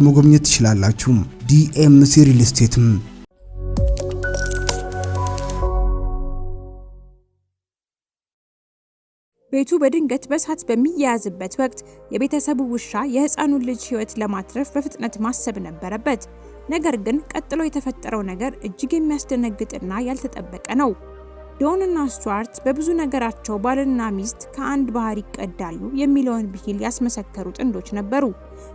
በቀላል መጎብኘት ትችላላችሁ። ዲኤምሲ ሪል ስቴትም ቤቱ በድንገት በእሳት በሚያያዝበት ወቅት የቤተሰቡ ውሻ የህፃኑን ልጅ ህይወት ለማትረፍ በፍጥነት ማሰብ ነበረበት። ነገር ግን ቀጥሎ የተፈጠረው ነገር እጅግ የሚያስደነግጥና ያልተጠበቀ ነው። ዶንና ስቱዋርት በብዙ ነገራቸው ባልና ሚስት ከአንድ ባህር ይቀዳሉ የሚለውን ብሂል ያስመሰከሩ ጥንዶች ነበሩ።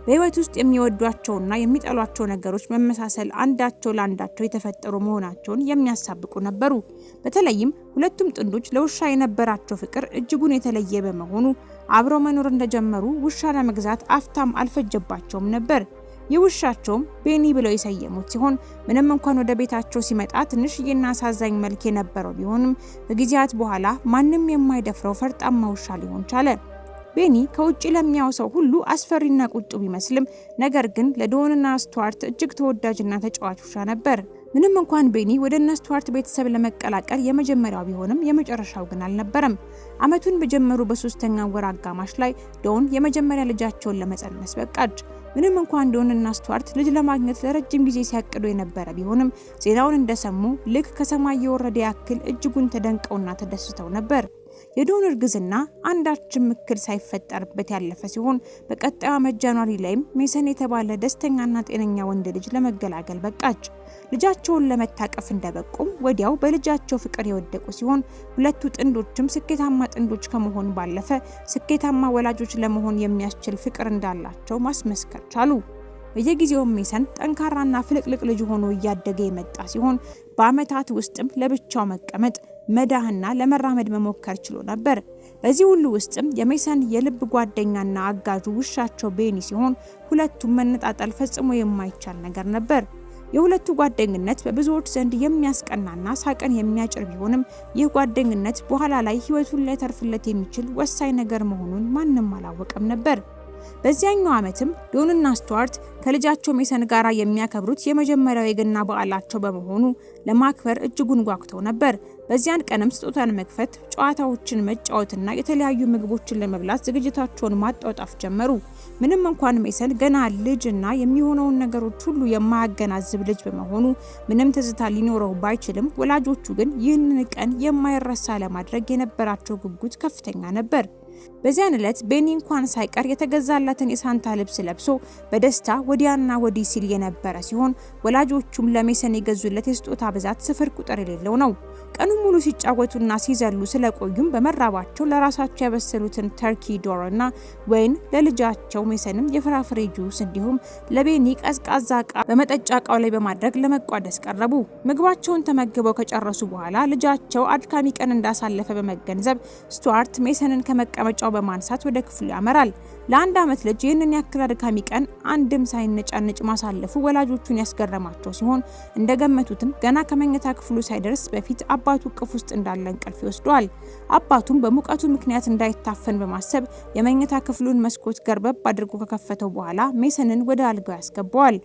በህይወት ውስጥ የሚወዷቸውና የሚጠሏቸው ነገሮች መመሳሰል አንዳቸው ለአንዳቸው የተፈጠሩ መሆናቸውን የሚያሳብቁ ነበሩ። በተለይም ሁለቱም ጥንዶች ለውሻ የነበራቸው ፍቅር እጅጉን የተለየ በመሆኑ አብረው መኖር እንደጀመሩ ውሻ ለመግዛት አፍታም አልፈጀባቸውም ነበር። የውሻቸውም ቤኒ ብለው የሰየሙት ሲሆን ምንም እንኳን ወደ ቤታቸው ሲመጣ ትንሽዬና አሳዛኝ መልክ የነበረው ቢሆንም ከጊዜያት በኋላ ማንም የማይደፍረው ፈርጣማ ውሻ ሊሆን ቻለ። ቤኒ ከውጭ ለሚያው ሰው ሁሉ አስፈሪና ቁጡ ቢመስልም ነገር ግን ለዶንና ስቱዋርት እጅግ ተወዳጅና ተጫዋች ውሻ ነበር። ምንም እንኳን ቤኒ ወደ እነ ስቱዋርት ቤተሰብ ለመቀላቀል የመጀመሪያው ቢሆንም የመጨረሻው ግን አልነበረም። አመቱን በጀመሩ በሶስተኛ ወር አጋማሽ ላይ ዶን የመጀመሪያ ልጃቸውን ለመጸነስ በቃች። ምንም እንኳን እና ስቱዋርት ልጅ ለማግኘት ለረጅም ጊዜ ሲያቅዱ የነበረ ቢሆንም ዜናውን እንደሰሙ ልክ ከሰማይ የወረደ ያክል እጅጉን ተደንቀውና ተደስተው ነበር። የዶን እርግዝና አንዳችም እክል ሳይፈጠርበት ያለፈ ሲሆን በቀጣዩ ዓመት ጃንዋሪ ላይም ሜሰን የተባለ ደስተኛና ጤነኛ ወንድ ልጅ ለመገላገል በቃች። ልጃቸውን ለመታቀፍ እንደበቁም ወዲያው በልጃቸው ፍቅር የወደቁ ሲሆን ሁለቱ ጥንዶችም ስኬታማ ጥንዶች ከመሆን ባለፈ ስኬታማ ወላጆች ለመሆን የሚያስችል ፍቅር እንዳላቸው ማስመስከር ቻሉ። በየጊዜውም ሜሰን ጠንካራና ፍልቅልቅ ልጅ ሆኖ እያደገ የመጣ ሲሆን በዓመታት ውስጥም ለብቻው መቀመጥ መዳህና ለመራመድ መሞከር ችሎ ነበር። በዚህ ሁሉ ውስጥም የሜሰን የልብ ጓደኛና አጋጁ ውሻቸው ቤኒ ሲሆን ሁለቱም መነጣጠል ፈጽሞ የማይቻል ነገር ነበር። የሁለቱ ጓደኝነት በብዙዎች ዘንድ የሚያስቀናና ሳቅን የሚያጭር ቢሆንም ይህ ጓደኝነት በኋላ ላይ ሕይወቱን ሊያተርፍለት የሚችል ወሳኝ ነገር መሆኑን ማንም አላወቀም ነበር። በዚያኛው ዓመትም ዶንና ስቱዋርት ከልጃቸው ሜሰን ጋር የሚያከብሩት የመጀመሪያው የገና በዓላቸው በመሆኑ ለማክበር እጅጉን ጓጉተው ነበር። በዚያን ቀንም ስጦታን መክፈት፣ ጨዋታዎችን መጫወትና የተለያዩ ምግቦችን ለመብላት ዝግጅታቸውን ማጣጣፍ ጀመሩ። ምንም እንኳን ሜሰን ገና ልጅና የሚሆነውን ነገሮች ሁሉ የማያገናዝብ ልጅ በመሆኑ ምንም ትዝታ ሊኖረው ባይችልም፣ ወላጆቹ ግን ይህንን ቀን የማይረሳ ለማድረግ የነበራቸው ጉጉት ከፍተኛ ነበር። በዚያን ዕለት ቤኒ እንኳን ሳይቀር የተገዛላትን የሳንታ ልብስ ለብሶ በደስታ ወዲያና ወዲህ ሲል የነበረ ሲሆን ወላጆቹም ለሜሰን የገዙለት የስጦታ ብዛት ስፍር ቁጥር የሌለው ነው። ቀኑ ሙሉ ሲጫወቱና ሲዘሉ ስለቆዩም በመራባቸው ለራሳቸው ያበሰሉትን ተርኪ እና ወይን ለልጃቸው ሜሰንም የፍራፍሬ ጁስ እንዲሁም ለቤኒ ቀዝቃዛ እቃ በመጠጫ እቃው ላይ በማድረግ ለመቋደስ ቀረቡ። ምግባቸውን ተመግበው ከጨረሱ በኋላ ልጃቸው አድካሚ ቀን እንዳሳለፈ በመገንዘብ ስቱዋርት ሜሰንን ከመቀመ ከመቀመጫው በማንሳት ወደ ክፍሉ ያመራል። ለአንድ ዓመት ልጅ ይህንን ያክል አድካሚ ቀን አንድም ሳይነጫነጭ ማሳለፉ ወላጆቹን ያስገረማቸው ሲሆን እንደገመቱትም ገና ከመኝታ ክፍሉ ሳይደርስ በፊት አባቱ ቅፍ ውስጥ እንዳለ እንቅልፍ ይወስደዋል። አባቱም በሙቀቱ ምክንያት እንዳይታፈን በማሰብ የመኝታ ክፍሉን መስኮት ገርበብ አድርጎ ከከፈተው በኋላ ሜሰንን ወደ አልጋው ያስገባዋል።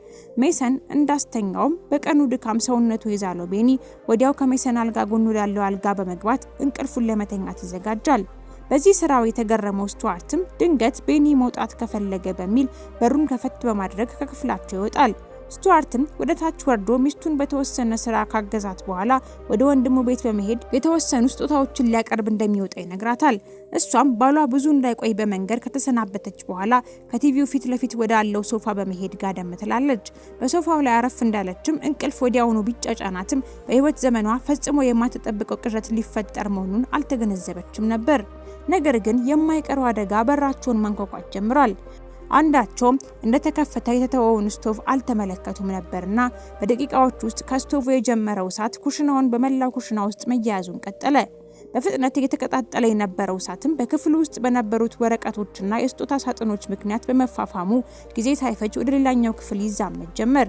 ሜሰን እንዳስተኛውም በቀኑ ድካም ሰውነቱ የዛለው ቤኒ ወዲያው ከሜሰን አልጋ ጎን ወዳለው አልጋ በመግባት እንቅልፉን ለመተኛት ይዘጋጃል። በዚህ ስራው የተገረመው ስቱዋርትም ድንገት ቤኒ መውጣት ከፈለገ በሚል በሩን ከፈት በማድረግ ከክፍላቸው ይወጣል። ስቱዋርትም ወደ ታች ወርዶ ሚስቱን በተወሰነ ስራ ካገዛት በኋላ ወደ ወንድሙ ቤት በመሄድ የተወሰኑ ስጦታዎችን ሊያቀርብ እንደሚወጣ ይነግራታል። እሷም ባሏ ብዙ እንዳይቆይ በመንገድ ከተሰናበተች በኋላ ከቲቪው ፊት ለፊት ወዳለው ሶፋ በመሄድ ጋደም ትላለች። በሶፋው ላይ አረፍ እንዳለችም እንቅልፍ ወዲያውኑ ቢጫጫናትም በህይወት ዘመኗ ፈጽሞ የማትጠብቀው ቅዠት ሊፈጠር መሆኑን አልተገነዘበችም ነበር። ነገር ግን የማይቀረው አደጋ በራቸውን ማንኳኳት ጀምሯል። አንዳቸውም እንደተከፈተ የተተወውን ስቶቭ አልተመለከቱም ነበርና በደቂቃዎች ውስጥ ከስቶቭ የጀመረው እሳት ኩሽናውን በመላው ኩሽና ውስጥ መያያዙን ቀጠለ። በፍጥነት እየተቀጣጠለ የነበረው እሳትም በክፍሉ ውስጥ በነበሩት ወረቀቶችና የስጦታ ሳጥኖች ምክንያት በመፋፋሙ ጊዜ ሳይፈጅ ወደ ሌላኛው ክፍል ይዛመድ ጀመር።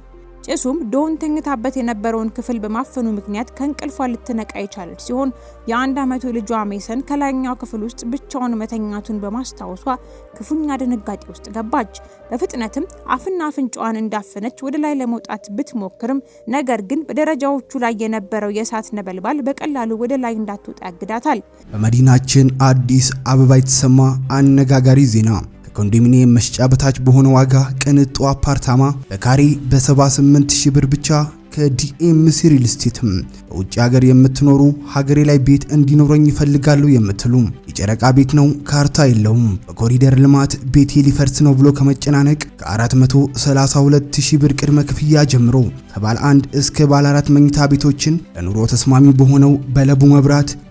ጭሱም ዶን ተኝታበት የነበረውን ክፍል በማፈኑ ምክንያት ከእንቅልፏ ልትነቃ የቻለች ሲሆን የአንድ ዓመቱ ልጇ ሜሰን ከላይኛው ክፍል ውስጥ ብቻውን መተኛቱን በማስታወሷ ክፉኛ ድንጋጤ ውስጥ ገባች። በፍጥነትም አፍና አፍንጫዋን እንዳፈነች ወደ ላይ ለመውጣት ብትሞክርም ነገር ግን በደረጃዎቹ ላይ የነበረው የእሳት ነበልባል በቀላሉ ወደ ላይ እንዳትወጣ ያግዳታል። በመዲናችን አዲስ አበባ የተሰማ አነጋጋሪ ዜና ከኮንዶሚኒየም መሸጫ በታች በሆነ ዋጋ ቅንጡ አፓርታማ በካሬ በ78 ሺህ ብር ብቻ ከዲኤም ሲሪል ስቴትም በውጭ ሀገር የምትኖሩ ሀገሬ ላይ ቤት እንዲኖረኝ ይፈልጋሉ የምትሉ የጨረቃ ቤት ነው፣ ካርታ የለውም፣ በኮሪደር ልማት ቤቴ ሊፈርስ ነው ብሎ ከመጨናነቅ ከ 432000 ብር ቅድመ ክፍያ ጀምሮ ከባለ አንድ እስከ ባለ አራት መኝታ ቤቶችን ለኑሮ ተስማሚ በሆነው በለቡ መብራት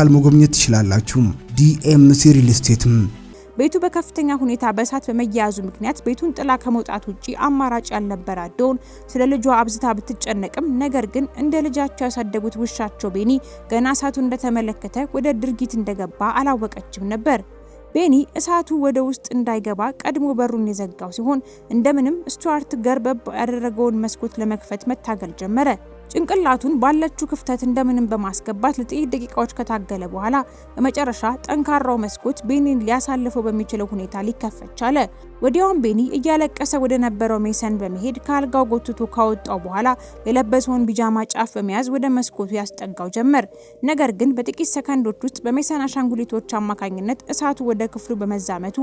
በአካል መጎብኘት ትችላላችሁ። ዲኤምሲ ሪል ስቴትም ቤቱ በከፍተኛ ሁኔታ በእሳት በመያያዙ ምክንያት ቤቱን ጥላ ከመውጣት ውጪ አማራጭ ያልነበረ ዶን ስለ ልጇ አብዝታ ብትጨነቅም ነገር ግን እንደ ልጃቸው ያሳደጉት ውሻቸው ቤኒ ገና እሳቱ እንደተመለከተ ወደ ድርጊት እንደገባ አላወቀችም ነበር። ቤኒ እሳቱ ወደ ውስጥ እንዳይገባ ቀድሞ በሩን የዘጋው ሲሆን እንደምንም ስቱዋርት ገርበብ ያደረገውን መስኮት ለመክፈት መታገል ጀመረ። ጭንቅላቱን ባለችው ክፍተት እንደምንም በማስገባት ለጥቂት ደቂቃዎች ከታገለ በኋላ በመጨረሻ ጠንካራው መስኮት ቤኒን ሊያሳልፈው በሚችለው ሁኔታ ሊከፈት ቻለ። ወዲያውም ቤኒ እያለቀሰ ወደ ነበረው ሜሰን በመሄድ ከአልጋው ጎትቶ ካወጣው በኋላ የለበሰውን ቢጃማ ጫፍ በመያዝ ወደ መስኮቱ ያስጠጋው ጀመር። ነገር ግን በጥቂት ሰከንዶች ውስጥ በሜሰን አሻንጉሊቶች አማካኝነት እሳቱ ወደ ክፍሉ በመዛመቱ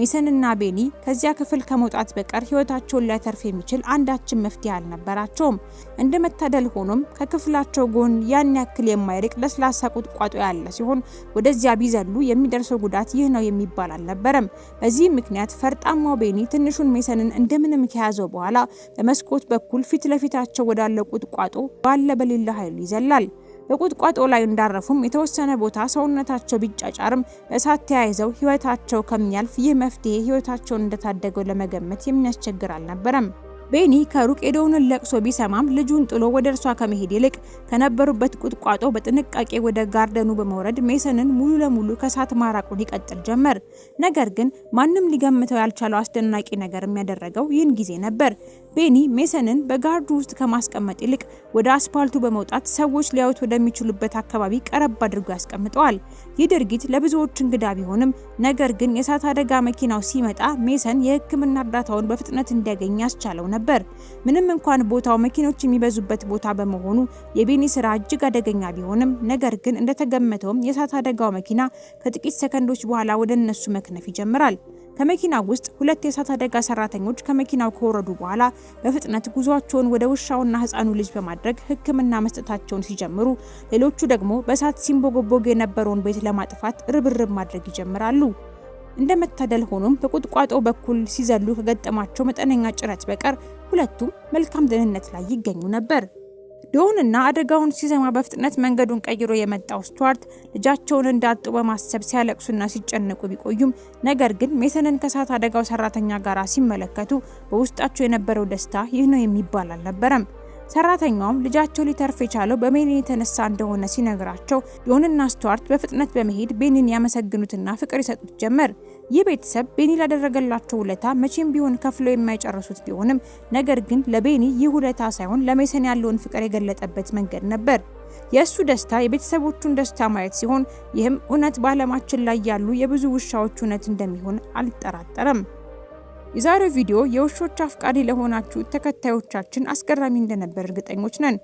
ሜሰንና ቤኒ ከዚያ ክፍል ከመውጣት በቀር ሕይወታቸውን ሊያተርፍ የሚችል አንዳችን መፍትሄ አልነበራቸውም። እንደ መታደል ሆኖም ከክፍላቸው ጎን ያን ያክል የማይርቅ ለስላሳ ቁጥቋጦ ያለ ሲሆን ወደዚያ ቢዘሉ የሚደርሰው ጉዳት ይህ ነው የሚባል አልነበረም። በዚህም ምክንያት ፈርጣም ደካማው ቤኒ ትንሹን ሜሰንን እንደምንም ከያዘው በኋላ በመስኮት በኩል ፊት ለፊታቸው ወዳለ ቁጥቋጦ ባለ በሌለ ኃይሉ ይዘላል። በቁጥቋጦ ላይ እንዳረፉም የተወሰነ ቦታ ሰውነታቸው ቢጫጫርም በእሳት ተያይዘው ህይወታቸው ከሚያልፍ ይህ መፍትሄ ህይወታቸውን እንደታደገው ለመገመት የሚያስቸግር አልነበረም። ቤኒ ከሩቅ የደውንን ለቅሶ ቢሰማም ልጁን ጥሎ ወደ እርሷ ከመሄድ ይልቅ ከነበሩበት ቁጥቋጦ በጥንቃቄ ወደ ጋርደኑ በመውረድ ሜሰንን ሙሉ ለሙሉ ከእሳት ማራቁን ይቀጥል ጀመር። ነገር ግን ማንም ሊገምተው ያልቻለው አስደናቂ ነገር የሚያደረገው ይህን ጊዜ ነበር። ቤኒ ሜሰንን በጋርዱ ውስጥ ከማስቀመጥ ይልቅ ወደ አስፓልቱ በመውጣት ሰዎች ሊያዩት ወደሚችሉበት አካባቢ ቀረብ አድርጎ ያስቀምጠዋል። ይህ ድርጊት ለብዙዎች እንግዳ ቢሆንም ነገር ግን የእሳት አደጋ መኪናው ሲመጣ ሜሰን የሕክምና እርዳታውን በፍጥነት እንዲያገኝ ያስቻለው ነበር። ምንም እንኳን ቦታው መኪኖች የሚበዙበት ቦታ በመሆኑ የቤኒ ስራ እጅግ አደገኛ ቢሆንም፣ ነገር ግን እንደተገመተውም የእሳት አደጋው መኪና ከጥቂት ሰከንዶች በኋላ ወደ እነሱ መክነፍ ይጀምራል። ከመኪናው ውስጥ ሁለት የእሳት አደጋ ሰራተኞች ከመኪናው ከወረዱ በኋላ በፍጥነት ጉዟቸውን ወደ ውሻውና ህፃኑ ልጅ በማድረግ ሕክምና መስጠታቸውን ሲጀምሩ፣ ሌሎቹ ደግሞ በእሳት ሲንቦጎቦግ የነበረውን ቤት ለማጥፋት ርብርብ ማድረግ ይጀምራሉ። እንደመታደል ሆኖም በቁጥቋጦ በኩል ሲዘሉ ከገጠማቸው መጠነኛ ጭረት በቀር ሁለቱም መልካም ደህንነት ላይ ይገኙ ነበር። ድሆንና አደጋውን ሲሰማ በፍጥነት መንገዱን ቀይሮ የመጣው ስቱዋርት ልጃቸውን እንዳጡ በማሰብ ሲያለቅሱና ሲጨነቁ ቢቆዩም ነገር ግን ሜሰንን ከእሳት አደጋው ሰራተኛ ጋር ሲመለከቱ በውስጣቸው የነበረው ደስታ ይህ ነው የሚባል አልነበረም። ሰራተኛውም ልጃቸው ሊተርፍ የቻለው በሜሊን የተነሳ እንደሆነ ሲነግራቸው ዮንና ስቱዋርት በፍጥነት በመሄድ ቤኒን ያመሰግኑትና ፍቅር ይሰጡት ጀመር። ይህ ቤተሰብ ቤኒ ላደረገላቸው ውለታ መቼም ቢሆን ከፍለው የማይጨርሱት ቢሆንም ነገር ግን ለቤኒ ይህ ውለታ ሳይሆን ለሜሰን ያለውን ፍቅር የገለጠበት መንገድ ነበር። የእሱ ደስታ የቤተሰቦቹን ደስታ ማየት ሲሆን፣ ይህም እውነት በዓለማችን ላይ ያሉ የብዙ ውሻዎች እውነት እንደሚሆን አልጠራጠረም። የዛሬው ቪዲዮ የውሾች አፍቃሪ ለሆናችሁ ተከታዮቻችን አስገራሚ እንደነበር እርግጠኞች ነን።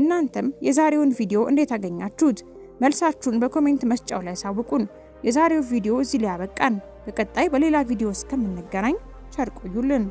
እናንተም የዛሬውን ቪዲዮ እንዴት አገኛችሁት? መልሳችሁን በኮሜንት መስጫው ላይ ሳውቁን። የዛሬው ቪዲዮ እዚህ ላይ ያበቃን። በቀጣይ በሌላ ቪዲዮ እስከምንገናኝ ቸር ቆዩልን።